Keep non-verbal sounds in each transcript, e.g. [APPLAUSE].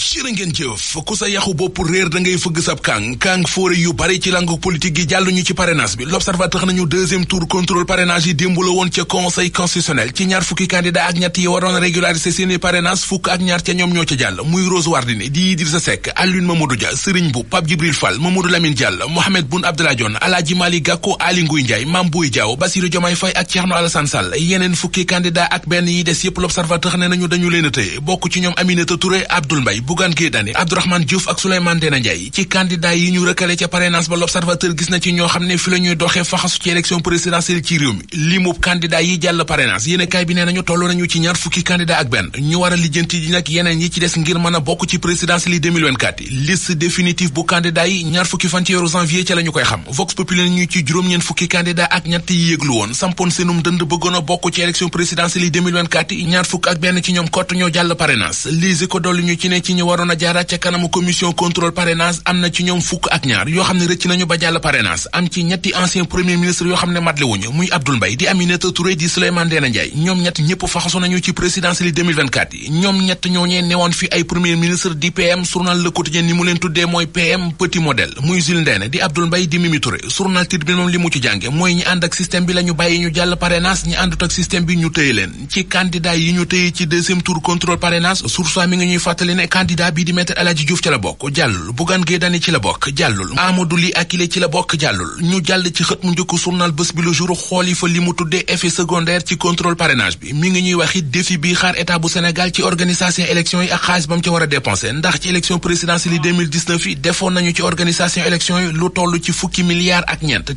jërë ngeen jëf ku sa yaxu bopp réer da jàll ñu ci parrainage bi l'observateur nañu deuxième tour contrôle parrainage yi démb la woon ca conseil constitutionnel ci ñaar fukki candidat ak ñett yi waroon ak ñaar ca ñoom ñoo yeneen fukki candidat ak benn yi des yépp l'observateur ne nañu dañu leen a tëye bokk ci ñoom Aminata Touré Abdoul Mbaye Bougane Gueye Dany Abdourahmane Diouf ak Souleymane Ndéné ci candidat yi ñu rëkkale ca parrainage ba l'observateur gis na ci ñoo xam ne fi la ñuy faxasu ci élection présidentielle ci réew mi limu candidat yi jàll parrainage yéenekaay bi nee nañu toll nañu ci ñaar fukki candidat ak benn ñu war lijjanti ji nag yeneen yi ci des ngir mën a bokk ci présidentielle yi 2024 yi liste bu candidat yi ñaar fukki fan janvier ca la koy xam Vox ñu waroon a jaaraat ca kanamu commission contrôle parrainage am na ci ñoom fukk ak ñaar yoo xam ne rëcc nañu ba jàll parrainage am ci ñetti ancien premier ministre yoo xam ne matle wuñu muy Abdoul Mbaye di Aminata Touré di Souleymane Ndéné Ndiaye ñoom ñett ñëpp faxasu nañu ci présidentielle 2024 ñoom ñett ñooñee newoon fi ay premier ministre di PM journal Le Quotidien ni mu leen tuddee mooy PM petit modèle muy Jules Ndéné di Abdoul Mbaye di Mimi Touré journal titre bi candidat bii di maître El Hadji Diouf la bokk jàllul Bougane Gueye ci la bokk jàllul Amadou Ly Akile ci la bokk jàllul ñu jàll ci xët mu njëkk journal bés bi le jour xooli fa li mu tuddee effet secondaire ci contrôle parrainage bi mi ngi ñuy wax it bi xaar état bu Sénégal ci organisation élection yi ak xaalis ba ca war a dépensé ndax ci élection présidentielle yi defoon nañu ci organisation élection yi lu toll ci fukki milliards ak ñeent te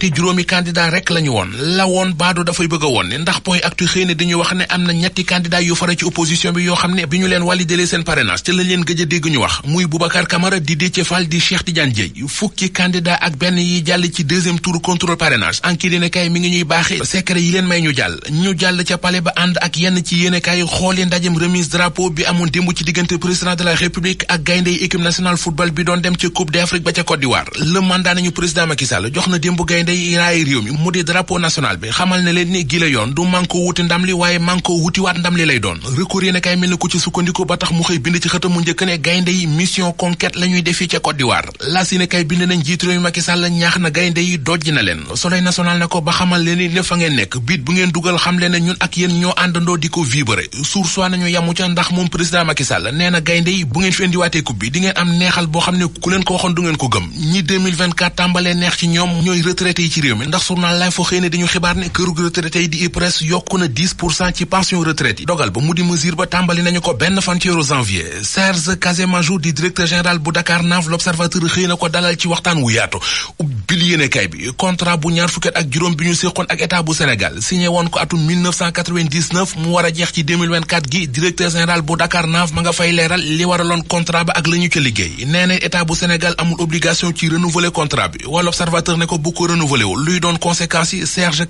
a dégg ñu wax muy Boubacar Camara di Déthié Fall di Cheikh Tidiane Dièye fukki candidat ak benn yi jàll ci deuxième tour contrôle parrainage enquête yéenekaay mi ngi ñuy baax secret yi leen may ñu jàll ñu jàll ca pale ba ànd ak yenn ci yéenekaay xooli ndajem remise drapeau bi amoon démb ci diggante président de la république ak gayndey équipe nationale football bi doon dem ci coupe d'Afrique ba ca Côte d'Ivoire le mandat nañu président Macky Sall jox na démb gayndey raay réew mi mu di xamal ne leen ni gi la yoon du manko wuti ndam li waaye manko wutiwaat ndam li lay doon record yéenekaay mel ba tax mu xëy bind ci ne gaynde yi mission conquête la ñuy defi ca Côte d'Ivoire la bind nañ jiitu réew ñaax na gaynde yi dojj na leen soleil national ne ko ba xamal leen ni fa ngeen nekk biit bu ngeen dugal xam leen ne ñun ak yéen ñoo àndandoo di ko vibrer suur soi nañu yamu ca ndax moom président Macky Sall gaynde yi bu ngeen fi indiwaatee bi di am neexal boo xam ne ku leen ko waxoon du ngeen ko gëm ñi tàmbalee neex ci ñoom ñooy retraités Casamanjou di directeur général bu Dakar Nav l'observateur xëy na ko dalal ci waxtaan wu yaatu ubbil yéene kay bi contrat bu ñaar fukki at ak juróom bi ñu séqoon ak état bu Sénégal signé woon ko atum mu war a jeex ci 2024 gi directeur général bu Dakar Nav ma nga fay leeral li waraloon contrat ba ak la ñu liggéey nee na bu Sénégal amul obligation ci renouveler contrat bi wala observateur ne ko bu ko renouveler luy doon conséquences yi Serge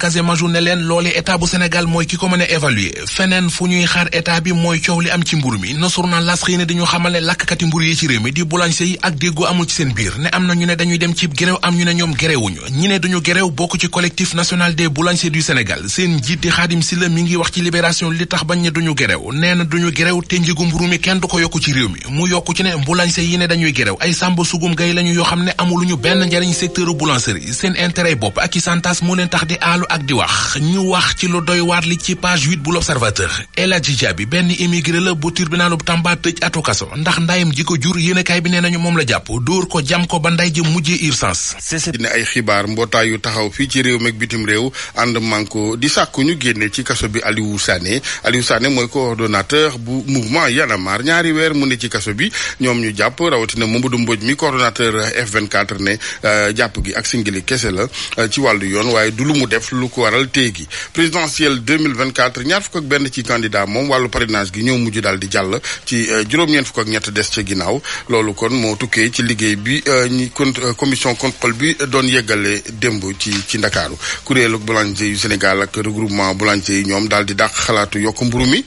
ne lakkati mburu yi ci réew mi di boulanger yi ak déggoo amul ci seen biir ne am na ñu ne dañuy dem ci gerew am ñu ne ñoom gerewuñu ñi ne duñu gerew bokk ci collectif national des boulangers du Sénégal seen njiit di Xaadim Silla mi ngi wax ci libération li tax bañ ne duñu gerew nee na duñu gerew te njëgu mburu mi kenn du ko yokku ci réew mi mu yokk ci ne boulanger yi ne dañuy gerew ay sàmba sugum gay lañu yoo xam ne amuluñu benn njariñ secteur boulangerie seen intérêt bopp ak i santas moo leen tax di aalu ak di ñu wax ci lu doy waat li ci page 8 bu l'Observateur El Hadji Diaby benn immigré la bu tribunalub Tamba tëj atu ndax ndayam ji ko jur yéenekaay bi nee nañu moom la jàpp dóor ko jam ko ba nday ji mujjee urgence ne ay xibaar mbootaayu taxaw fii ci réew meeg bitim réew ànd manko di sàkku ñu génne ci kaso bi Aliou Sané Aliou Sané mooy coordonnateur bu mouvement Y en a marre ñaari weer mu ne ci kaso bi ñoom ñu jàpp rawatina Mamadou Mbodj mi coordonnateur F24 ne euh, jàpp gi ak singili kese la euh, ci wàllu yoon waaye du lu mu def lu ko waral tey gi présidentielle 2024 ñaar fukk ak benn ci candidat moom wàllu parrainage gi ñoo mujj daal di jàll ci euh, juróom-ñeent fukk ak ñett des ca ginnaaw loolu kon moo tukkee ci liggéey bi euh, ñi kon euh, commission contrôle bi doon yeggale démb ci ci ndakaaru kuréelu boulanger yu Sénégal ak regroupement boulanger yi ñoom daal di dàq xalaatu yokk mburu mi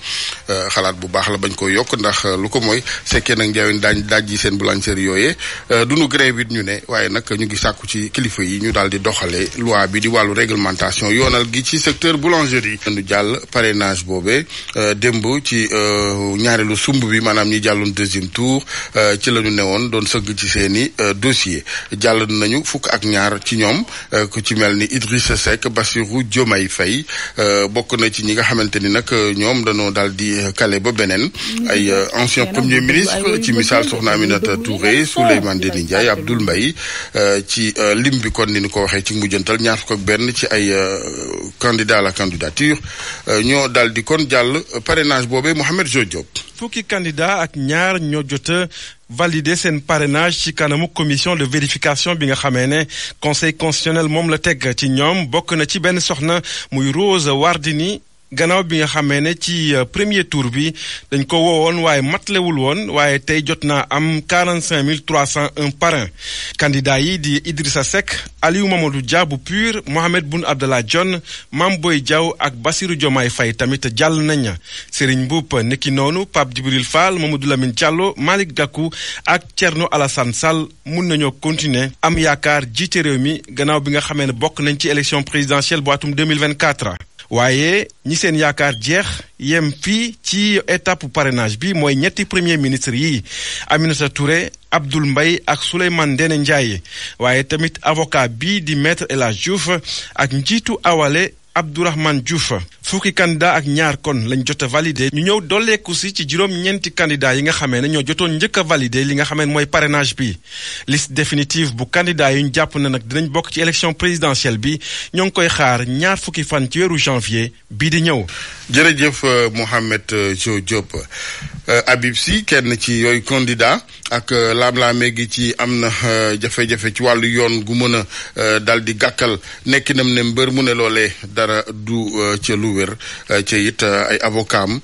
euh, xalaat bu baax la bañ koy yokk ndax lu ko mooy sekkee nag njaween daañ daaj yi seen boulangerie yooyee duñu grève it ñu ne waaye nag ñu ngi sàkku ci kilifa yi ñu daal di doxale loi bi di wàllu réglementation yoonal gi ci secteur boulangerie ñu jàll parrainage boobee démb ci ñaareelu sumb bi maanaam ñi jàlloon deuxième tour euh, ci la ñu woon doon sëgg ci seen i euh, dossier jàll nañu fukk ak ñaar ci ñoom euh, ku ci mel ni Idrissa Seck Bassirou Diomaye Faye bokk na ci ñi nga xamante ni nag ñoom dañoo daal di kale ba beneen mm-hmm. ay ancien premier ministre ci misaal Soxna Aminata Touré Souleymane Ndéné Ndiaye Abdoul Mbaye ci lim bi kon ni ñu ko waxee ci mujjantal ñaar fukk ak benn ci ay candidat à la candidature ñoo daal di kon jàll parrainage boobe Mouhamed Jo fukki candidat ak ñaar ñoo jota valider seen parrainage ci kanamu commission de vérification bi nga xamee ne conseil constitutionnel moom la teg ci ñoom bokk na ci benn soxna muy Rose war Wardini gannaaw bi nga xamee ne ci euh, premier tour bi dañ ko woowoon waaye matlewul woon waaye tey jot naa am 45 301 parrain candidat yi di Idrissa Seck Aliou Mamadou Dia bu PUR Mohamed Boun Abdallah Dionne Mame Boye Diaw ak Bassirou Diomaye fay tamit jàll nañ Serigne Mboup niki noonu pap Pape Djibril Fall Mamadou Lamine Diallo Malick Gakou ak Thierno Alassane Sall mun nañoo continuer am yaakaar jiite réew mi gannaaw bi nga xamee ne bokk nañ ci élection présidentielle bu atum 2024 waaye ñi seen yaakaar jeex yem fii ci étape parrainage bi mooy ñetti premier ministre yi Aminata Touré Abdoul mbay ak Souleymane Ndéné Ndiaye waaye tamit avocat bii di maître El la Diouf ak njiitu awale Abdourahmane Diouf fukki candidat ak ñaar kon lañ jot a validé ñu ñëw dolleeku si ci juróom-ñeenti candidat yi nga xamee ne ñoo jotoon njëkk a li nga xamee mooy parrainage bi liste définitive bu candidat yi ñu jàpp na nag dinañ bokk ci élection présidentielle bi ñoo ngi koy xaar ñaar fukki fan ci weeru janvier bii di ñëw. jërëjëf euh, Mouhamed euh, Diop. Euh, Habib Sy kenn ci yooyu candidat ak euh, laam-laame gi ci am na euh, jafe-jafe ci wàllu yoon gu mën a dal di gàkkal nekkinam ne mbër mu ne loolee dara du ca lu wér ca it ay avocat am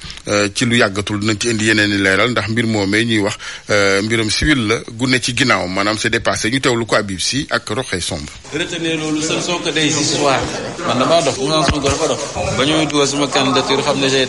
ci lu yàggatul dinañ ci indi yeneen i leeral ndax mbir moomee ñuy wax mbiram civil la gu ne ci ginnaaw maanaam c'est dépassé ñu teewlu ko Habib Sy ak Roxey Somb. que ñu dugal sama candidature xam ne j'ai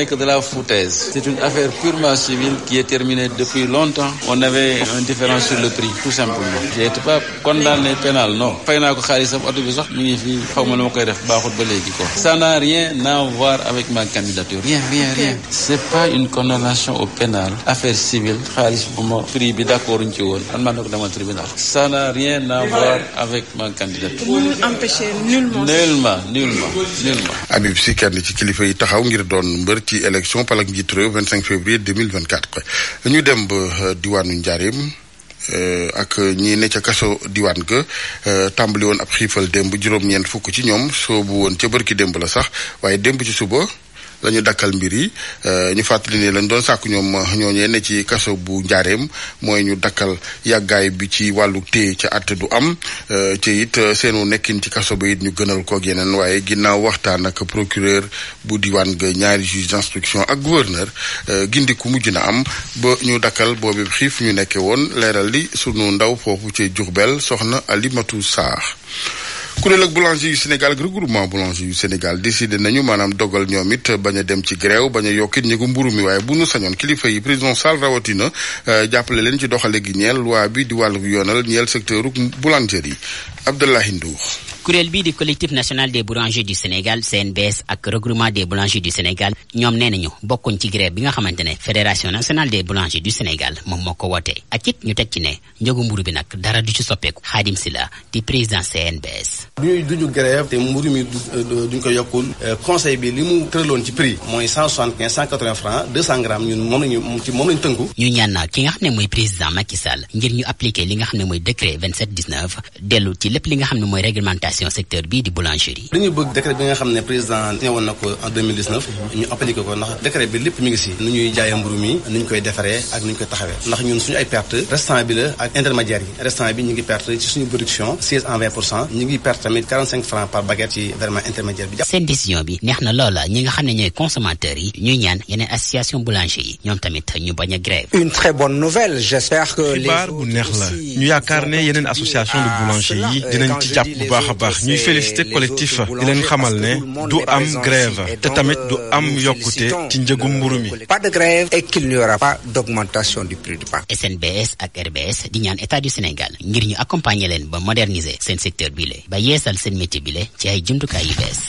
été thèse. C'est une affaire purement civile qui est terminée depuis longtemps. On avait un différent sur le prix, tout simplement. J'ai pas condamné pénal, non. fay naa ko xaalisam oto bi sax mi ngi fii xaw ma lu koy def baaxut ba léegi quoi. Ça n'a rien à voir ma candidature. rien rien rien. c'est pas une condamnation au pénal. affaire civile xaalis bu ma prix bi d'accord ñu ci woon man maa ne ko dama tribunal. ça n'a rien à voir avec ma candidature. mënul empêcher nullement. nullement nullement nullement. Habib Sy kenn ci kilifa yi taxaw ngir doon mbër ci ak njiitu réew 25 février 2024 ñu dem ba euh, diwaanu Njaareem euh, ak ñi ne ca kaso diwaan ga euh, tàmbali woon ab xiifal demb juróom-ñeent fukk ci ñoom soobu woon ca bër ki demb la sax waaye démb ci suba. lañu dakkal mbir yi euh, ñu fàttali ne lañ doon sàkk ñoom ñoo ne ci kaso bu njaareem mooy ñu dakkal yàggaay bi ci wàllu téye ca àtte du am euh, te it euh, seenu nekkin ci kaso bi it ñu gënal ko yeneen waaye ginnaaw waxtaan ak procureur bu diwaan ga ñaari juge d'instruction ak gouverneur gindiku mujj na am ba ñu dakkal boobu xiif ñu nekkee woon leeral li sunu ndaw foofu ci Diourbel soxna alimatu Sarr kuréel ak boulanger yu Sénégal ak regroupement boulanger yu Sénégal décidé nañu maanaam dogal ñoom it bañ a dem ci grève bañ a yokkit ñi ko mburu mi waaye bu nu sañoon kilifa yi président Sall rawatina euh, jàppale leen ci doxale gi ñeel loi bi di wàllu yoonal ñeel secteur boulanger yi Abdoulaye Ndour kuréel bii di collectif national des boulangers du Sénégal CNBS ak regroupement des boulangers du Sénégal ñoom nee nañu bokkuñ ci grève bi nga xamante ne fédération nationale des boulangers du Sénégal moom moo ko woote ak it ñu teg ci ne njëgu mburu bi nag dara du ci soppeeku Xaadim la di président CNBS. ñuy duñu grève te mburu mi euh, duñ ko yokkul euh, conseil bi li mu tëraloon ci prix mooy cent soixante quinze cent quatre francs deux ñun moom lañu tënku. ñu ñaan naa ki nga xam ne mooy président Macky Sall ngir xam ne mooy décret organisation di boulangerie. li bëgg décret bi nga xam ne président ñëwoon na ko en ñu appliqué ko ndax décret bi lépp mi nu ñuy jaayee mburu mi nu ñu koy defaree ak nu ñu koy taxawee ndax ñu ngi perte tamit francs par baguette ci vraiment intermédiaire bi seen décision bi neex na loola ñi nga xam ne ñooy consommateurs yi ñuy ñaan yeneen association boulanger yi ñoom tamit ñu bañ a une très bonne nouvelle j'espère que xibaar bu neex la ñu yaakaar ne yeneen baax ñuy félicité collectif di leen xamal ne du am grève te tamit du am euh, yokkute ci njëgu mburu mi. pas de grève et qu'il n'y aura pas d'augmentation du prix du pain. SNBS ak RBS di ñaan état du Sénégal ngir ñu accompagner leen ba moderniser seen secteur bile ba yeesal seen métier bile ci ay jumtukaay yu bees.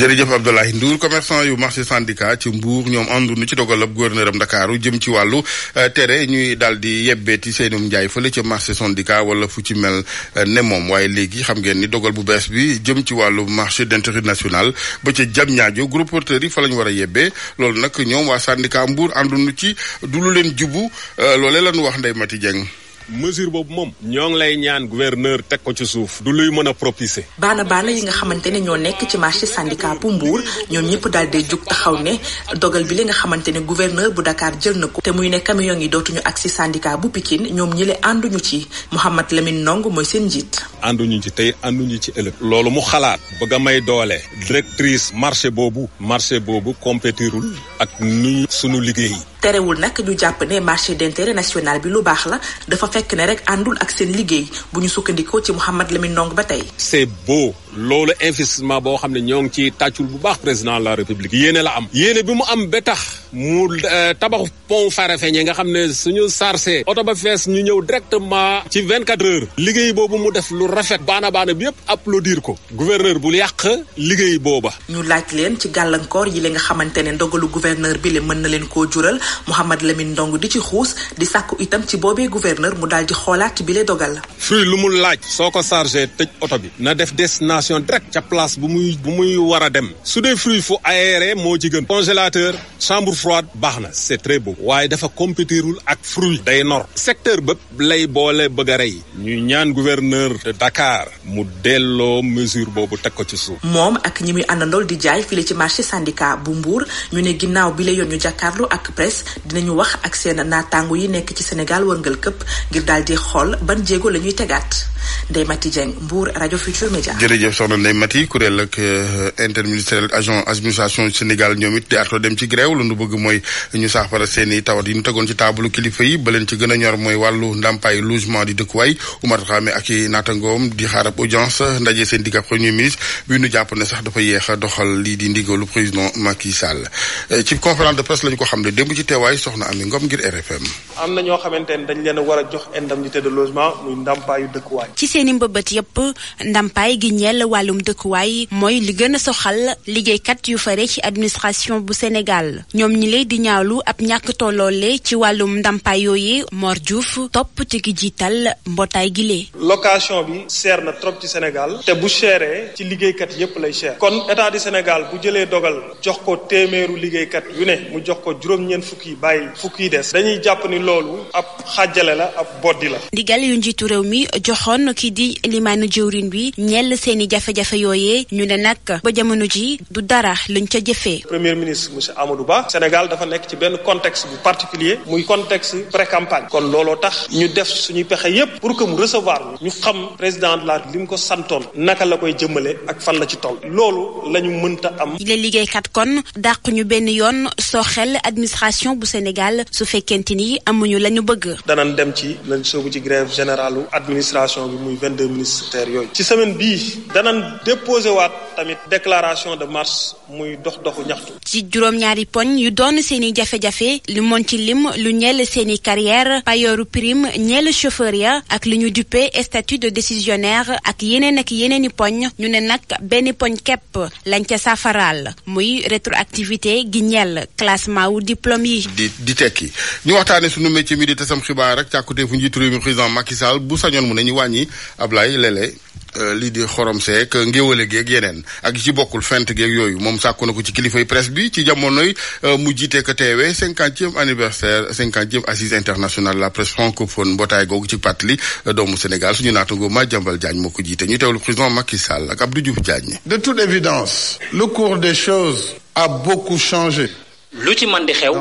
jërëjëf Abdoulaye Ndour commerçant yu marché syndicat ci mbuur ñoom ànduñu ci dogalab gouverneur Ndakaaru jëm ci wàllu euh, tere ñuy daal di yebbeeti seenum njaay fële ca marché syndicat wala fu ci mel euh, ne moom waaye léegi xam ngeen ni dogal bu bees bi jëm ci wàllu marché d'intérêt national ba ci jam ñaajo groupe porteur yi fa la ñu war a yebbee loolu nag ñoom waa syndicat Mbour ànduñu ci du lu leen jubu euh, loolee nu wax Ndeye Mati Dieng mesure boobu moom ñoo ngi lay ñaan gouverneur teg ko ci suuf du luy mën a propice baana baana yi nga xamante ne ñoo nekk ci marché syndicat bu Mbour ñoom ñëpp daal di jug taxaw ne dogal bi li nga xamante ne gouverneur bu Dakar jël na ko te muy ne camion yi dootuñu ak agsi syndicat bu Pikine ñoom ñi ànduñu ci Mouhamed Lamine Ndong mooy seen njiit ànduñu ci tey ànduñu ci ëllëg loolu mu xalaat bëgg a may doole directrice marché boobu marché boobu compétirul ak ni sunu liggéey terewul nag ñu jàpp ne marché d'intérêt national bi lu baax la dafa fekk ne rek àndul ak seen liggéey bu ñu sukkandikoo ci Mouhamed Lamine Ndong ba tey. c'est beau loolu investissement boo xam ne ñoo ngi ciy tàccul bu baax président la république yéene la am. yéene bi mu am ba tax mu euh, tabax pont feeñee nga xam ne suñu sarse oto ba fees ñu ñëw directement ci vingt quatre heures liggéey boobu mu def lu rafet baana baana bi yëpp applaudir ko gouverneur bul yàq liggéey booba ñu laaj leen ci gàllankoor yi li nga xamante ne ndogalu gouverneur bi le mën na leen koo jural Mouhamed Lamine Ndong di ci xuus di sàkku itam ci boobee gouverneur mu daal di xoolaat bi bile dogal fii lu mu laaj soo ko chargé tëj oto bi na def destination direct ca place bu muy bu war a dem su dee fruit moo ci gën congélateur chambre froide baax na c'est très beau waaye dafa compétirul ak fruit day nor secteur bépp lay boole bëgg a rey ñuy ñaan gouverneur de Dakar mu delloo mesure boobu teg ko ci suuf. moom ak ñi muy àndandool di jaay fii ci marché syndicat bu Mbour ñu ne ginnaaw bi la yoon ñu jàkkaarloo ak dina ñu wax ak seen naataango yi nekk ci Sénégal wërngal këpp ngir daal di xool ban jéego la ñuy tegaat Ndeye Mati Dieng Mbour rajo Futur Média. jërëjëf soxna Ndeye Mati kuréel ak euh, interministériel agent administration Sénégal ñoom it di dem ci grève lu bëgg mooy ñu saafara seen i tawat yi ñu tegoon ci taabalu kilifa yi ba leen ci gën a ñor mooy wàllu ndàmpaay logement di dëkkuwaay Oumar Xaame ak i naatangoom di xaarab audience ndaje seen digg premier ministre bi ñu jàpp ne sax dafa yéex a doxal lii di ndigalu président Macky Sall ci conférence de presse la ko xam ne démb ci teewaay soxna Ami Ngom ngir RFM. am na ñoo xamante dañ leen a war a jox indemnité de muy ndàmpaayu dëkkuwaay. ci a ñi di ñaawlu ab ñàkk tolloole ci wàllum ndàmpaay yooyu Mor Diouf topp ci ki jiital mbootaay gi lee location bi seer na trop ci Sénégal te bu seeree ci liggéeykat yépp lay seer kon état di Sénégal bu jëlee dogal jox ko téeméeru liggéeykat yu ne mu jox ko juróom-ñeent fukk yi bàyyi fukk yi des dañuy jàpp ni loolu ab xàjjale la ab boddi la ndigal yu njiitu réew mi joxoon ki di limaanu jëwrin bi ñell seeni jafe-jafe yooyee ñu ne nag ba jamono ji du dara luñ ca jëfee premier ministre monsieur Amadou Ba Sénégal dafa nekk ci benn contexte bu particulier muy contexte pré-campagne kon looloo tax ñu def suñu pexe yépp pour que mu recevoir ñu xam président de la li mu ko santoon naka la koy jëmale ak fan la ci toll loolu la ñu mënta am. yi liggéeykat kon dàq ñu benn yoon soo xel administration bu Sénégal su fekkente ni amuñu la ñu bëgg. danañ dem ci la soobu ci grève généralu administration bi muy 22 ministères yooyu ci semaine bi danañ déposé tamit déclaration de marche muy dox doxu ñaxtu. ci juróom-ñaari poñ yu doon seeni jafe-jafe li moon ci lim lu ñeel seeni carrière payooru prime ñeel chauffeur ya ak li ñu duppee statut de décisionnaire ak yeneen ak yeneen i poñ ñu ne nag benn poñ képp lañ ca saafaraal muy rétroactivité gi ñeel classement wu diplôme yi. di di tekki ñu waxtaanee sunu métier mi di tasam xibaar rek càkkute fu njiitu réew mi président bu sañoon mu ne ñu wàññi Ablaye Lele. Euh, lii di xorom seek ngéwale geeg yeneen ak ci bokkul fent geek yooyu moom sàkku na ko ci kilifay presse bi ci jamonoy euh, mu jiite ko teewee cinquantième anniversaire cinquantième assise internationale la presse francophone mbootaay googu ci pàttali euh, doomu Sénégal suñu naataango Madiambal Diagne moo ko jiite ñu teewlu président Macky Sall ak Abdou Diouf Diagne. de toute évidence le cours des choses a beaucoup changé. lu ci man di xew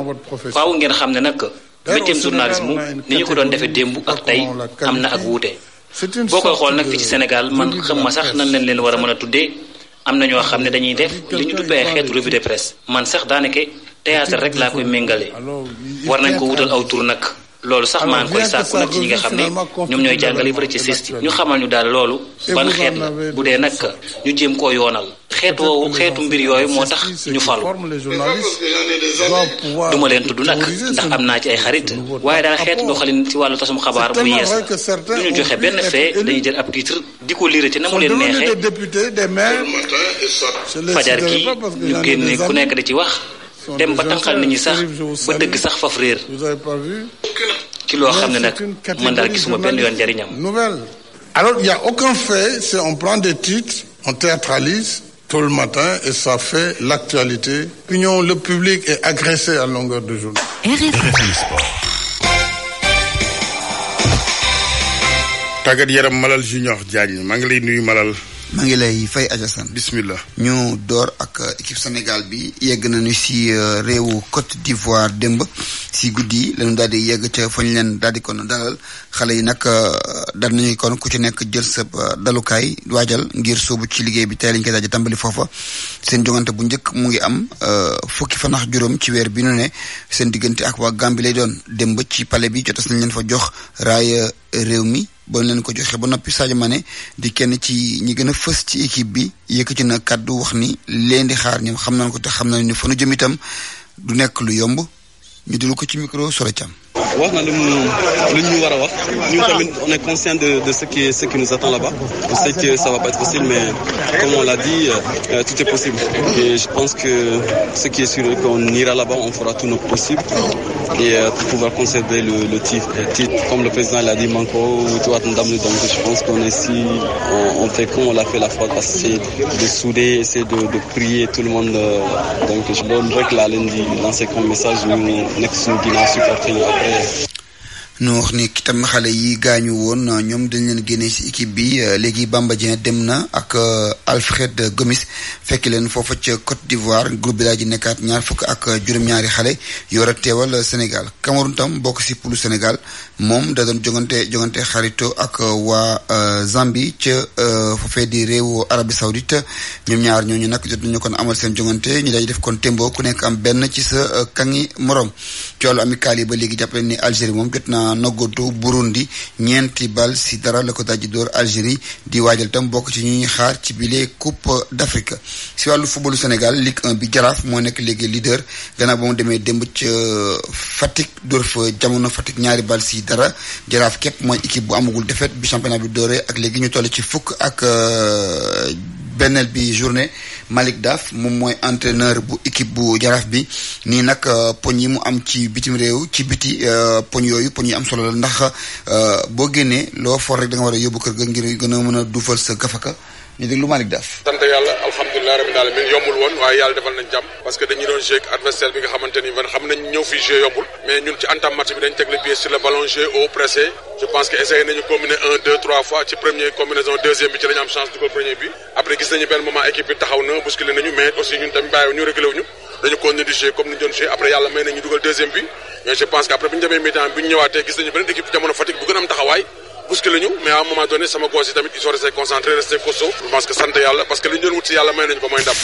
faaw ngeen xam ne nag métier journalisme ni na ak wuute. boo koy xool nag fii ci Sénégal man xam ma sax nan leen leen war a mën a tuddee am na ñoo xam ne dañuy def li ñu duppee xeetu revue de presse man sax daanaka théâtre rek laa koy méngale war nañ ko wutal aw tur nag loolu sax maa ngi koy sàkku nag ci ñi nga xam ne ñoom ñooy jàngale yi fara ci sesti ñu xamal ñu daal loolu ban xeet la bu dee nag ñu jéem koo yoonal xeet woowu xeetu mbir yooyu moo tax ñu falu du ma leen tudd nag ndax am naa ci ay xarit waaye daal xeetu doxalin ci wàllu tasum xabaar bu yees du ñu joxe benn fee dañuy jël ab titre di ko lire ci na fajar gi ñu génne ku nekk di ci wax dem ba tànqal nit ñi sax ba dëgg sax faf réer ci loo xam ne nag man daal gisuma benn yoon njariñam alors il y a aucun fait c'est on prend des titres on tôt le matin et ça fait l'actualité. Pignon, le public est agressé à longueur de journée. RFI Sport. tàggat yaram Malal Junior Diagne maa ngi lay nuyu Malal. maa ngi lay fay Ajasan bismillah ñu door ak équipe Sénégal bi yegg nañu si euh, réewu Côte d'Ivoire démb si guddi lañu daal di yegg ca fañ leen daal di kon dalal xale yi nag euh, dal nañu kon ku ci nekk jël sa euh, dalukaay waajal ngir soobu ci liggéey bi tey lañ koy daal di foofa seen jongante bu njëkk mu ngi am fukki fan ak juróom ci weer bi nu ne seen diggante ak waa Gambie lay doon démb ci palais bi jotas nañ leen fa jox raaya réew mi boo leen ko joxe ba noppi Sadio Mané di kenn ci ñi gën a fës ci équipe bi yëkkati na kàddu wax ni leen di xaar ñoom xam nañ ko te xam nañ ni fa jëm itam du nekk lu yomb ñu dul ko ci micro Soro Thiam wax na lu mu lu ñu war a wax ñun tamit on est conscient de de ce qui ce qui nous attend là-bas on sait que ça va pas être facile mais comme on l'a dit euh, euh, tout est possible et je pense que ce qui est sûr est qu'on ira là-bas on fera tout notre possible et euh, pour pouvoir conserver le le titre euh, le titre comme le président l'a dit manko tuwaat ndam li donc je pense qu'on est ici on, on fait comme on l'a fait la fois passée de souder essayer de de prier tout le monde euh, donc loolu rek laa leen di lancer comme message ñu nekk suñu ginnaaw supporter ñu après ñu wax ni itam xale yi gaañu woon ñoom dañ leen génne ci équipe bi léegi Bamba Dieng dem na ak Alfred Gomis fekk leen foofa ca Côte d'Ivoire groupe bi daal nekkaat ñaar fukk ak juróom-ñaari xale yor a teewal Sénégal Cameroun tam bokk ci poulu Sénégal moom da doon jongante xarito ak waa euh, Zambie ca euh, foofee di réewu Arabie Saoudite ñoom ñaar ñooñu nag jot nañu kon amal seen jongante ñu daal di def kon tembo ku nekk am benn ci sa euh, kangi morom ci wàllu amical yi ba léegi jàppale ni Algérie moom jot na Nogoto Burundi ñeenti bal si dara la ko dajji dóor Algérie di waajal tam bokk ci ñuy xaar ci bile Coupe d'Afrique si wàllu footballu Sénégal Ligue 1 bi Jaraaf moo nekk léegi leader gannaaw ba mu demee démb ca Fatick door fa jamono Fatick ñaari bal si dara Jaraaf képp mooy équipe bu amagul défaite bi championnat bi dooree ak léegi ñu toll ci fukk ak euh, benneel bi journée Malick Daf moom mooy entraîneur bu équipe bu jaraaf bi nii nag euh, poñ yi mu am ci bitim réew ci biti euh, poñ yooyu poñ yi am solo la ndax euh, boo génnee loo for rek da nga war a yóbbu kër ga ngir gën a mën a duufal sa gafaka ñu déglu Malick Daf sant yàlla alhamdulilah rabbil alamin yombul woon waaye yàlla defal nañ jàmm parce que dañu doon jouer adversaire bi nga xamante ni man xam nañ ñëw fi jouer yombul mais ñun ci entame match bi dañ teg le pied sur le ballon jouer au pressé je pense que essayé nañu combiner un deux trois fois ci première combinaison deuxième bi ci lañu am chance dugal premier bi après gis nañu benn moment équipe taxaw na bousculé nañu mais aussi ñun tamit bàyyiwu bousculé ñu mais à un moment sama gosse yi tamit ils sont restés concentrés restés costauds je pense que sant yàlla parce que li ñu doon wut si yàlla may nañu ko mooy ndam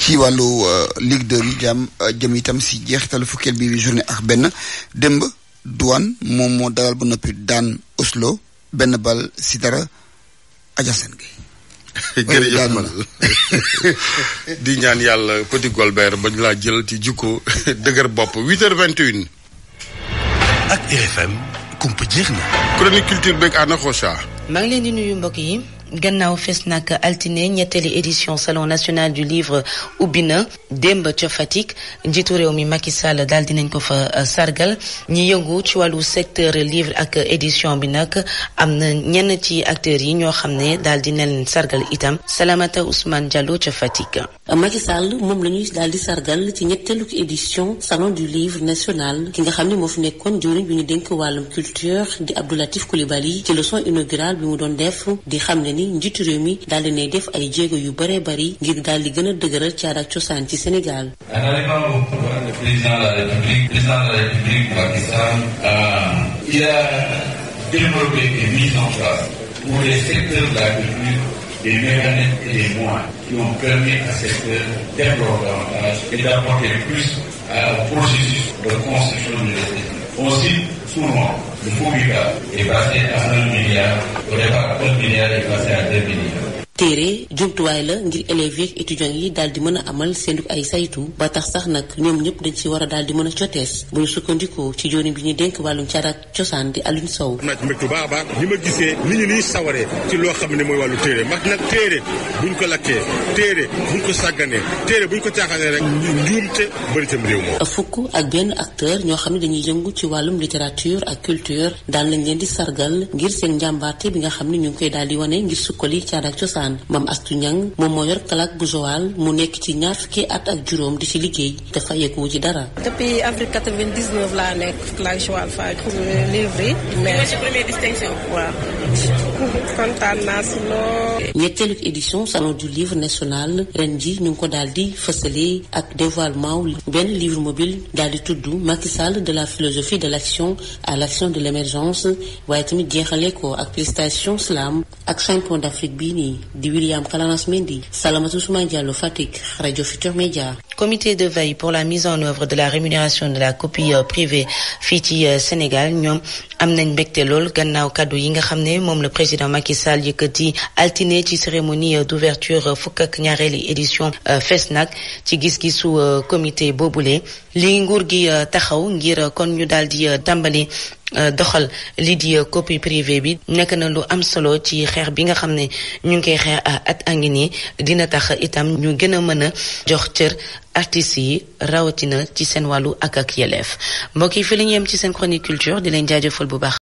ci wàllu euh, Ligue 2 bi euh, jëm itam si jeexitalu fukkeel bi journée ak benn démb douane moom moo dalal ba noppi daan Oslo benn bal si dara ajasen gi [LAUGHS] jërëjëf [LAUGHS] di ñaan yàlla petit Golbert ba ñu laa jël ci jikko [LAUGHS] dëgër bopp 8h21. ak RFM. kumpa jeex na. chronique culture beeg Anna Rocha. maa ngi leen di nuyu mbokk yi. gannaaw fes nag altine ñetteeli édition salon national du livre ubbi na démb ca Fatick njiitu réew mi Macky Sall daal nañ ko fa euh, sargal ñi yëngu ci wàllu secteur livre ak édition bi nag am na ñenn ci acteurs yi ñoo xam ne daal di leen sargal itam Salamata Ousmane Diallo ca Fatick. Macky Sall moom la ñuy daal di sargal ci ñetteelu édition salon du livre national ki nga xam ne moo fi nekkoon jëwriñ bi ñu dénk wàllum culture di Abdou Latif Coulibaly ci leçon inaugurale ni njiitu réew mi daal nay def ay jéego yu bare bari ngir daal di gën a dëgëral caada cosaan ci Sénégal. Euh, développer et mise en place pour les secteurs la culture des mécanismes et des moyens qui ont permis à ce secteur d'être davantage et d'apporter plus à euh, un processus de construction de l'État. Aussi, souvent, le coût du cas est passé à 1 milliard, au départ 1 milliard est passé à 2 milliards. téere jumtuwaay la ngir élèves yeeg étudiants yi daal di mën a amal seen ay saytu ba tax sax nag ñoom ñëpp dañ ci war a daal di mën a cotees bu ñu sukkandikoo ci jooni bi ñu dénk wàllum caada ak Sow. am naa bu baax a loo xam ne mooy wàllu téere ndax rek njuumte bëri réew moom. fukk ak benn acteur ñoo xam ne dañuy yëngu ci wàllum littérature ak culture daan lañ leen di sargal ngir seen njàmbaarte bi nga xam ne ñu ngi koy daal di wane ngir sukkali caada cosaan alxuraan mam astu ñang moom moo yor bu Joal mu nekk ci ñaar fukki at ak juróom di ci liggéey te fayeeku ci dara. depuis avril 99 laa nekk ci première distinction. [LAUGHS] national ren ñu ngi ko daal di fësale ak dévoilement benn livre mobile daal di tudd Macky Sall de la philosophie de l'action à l'action de l'émergence waaye tamit jeexale ko ak prestation slam ak champion d'Afrique bii nii. di William Kalanas Mendy Salamatu Souman Diallo Fatick rajo Futur Media comité de veille pour la mise en œuvre de la rémunération de la copie euh, privée fii ci euh, Sénégal ñoom am nañ mbégte lool gannaaw kàddu yi nga xam ne moom le président Macky Sall yëkkati altine ci cérémonie euh, d'ouverture fukk ak ñaareeli édition nag ci gis-gisu comité boobule li nguur gi taxaw ngir kon ñu daal di tàmbali doxal lii di copie privée bi nekk na lu am solo ci xeex bi nga xam ne ñu ngi koy xeex at angi nii dina tax itam ñu gën a mën a jox cër artistes yi rawatina ci seen wàllu ak ak yelleef mbokk yi fi la ñu yem ci seen chronique culture di leen jaajëfal bu baax.